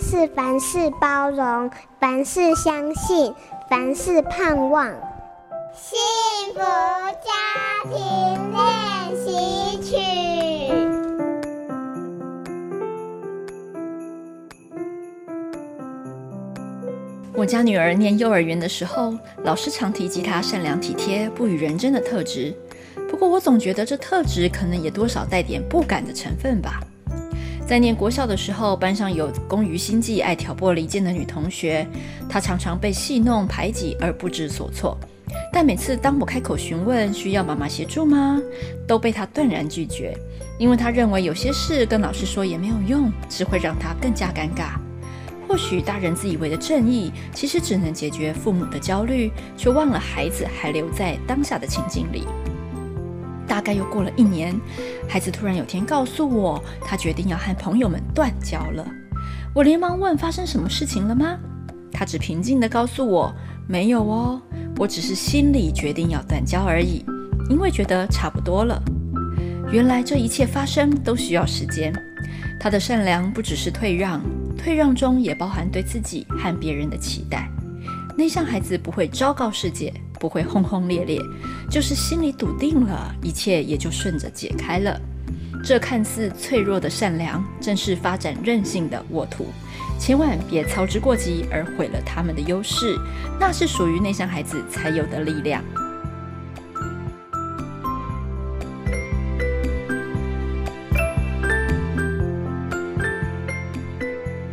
是凡事包容，凡事相信，凡事盼望。幸福家庭練習曲。我家女兒念幼兒園的時候，老師常提及她善良體貼、不與人爭的特質。不過，我總覺得這特質可能也多少帶點不敢的成分吧。在念國校的時候，班上有工於心計、愛挑撥離間的女同學，她常常被戲弄排擠而不知所措。但每次當我開口詢問需要媽媽協助嗎？都被她斷然拒絕，因為她認為有些事跟老師說也沒有用，只會讓她更加尷尬。或許大人自以為的正義，其實只能解決父母的焦慮，卻忘了孩子還留在當下的情境裡。大概又過了一年，孩子突然有天告訴我，他決定要和朋友們斷交了。我連忙問發生什麼事情了嗎？他只平靜地告訴我，沒有哦，我只是心裡決定要斷交而已，因為覺得差不多了。原來這一切發生都需要時間。他的善良不只是退讓，退讓中也包含對自己和別人的期待。內向孩子不會昭告世界。不會轟轟烈烈，就是心裡篤定了，一切也就順着解開了。這看似脆弱的善良，正是發展韌性的沃土。千萬別操之過急而毀了他們的優勢，那是屬於內向孩子才有的力量。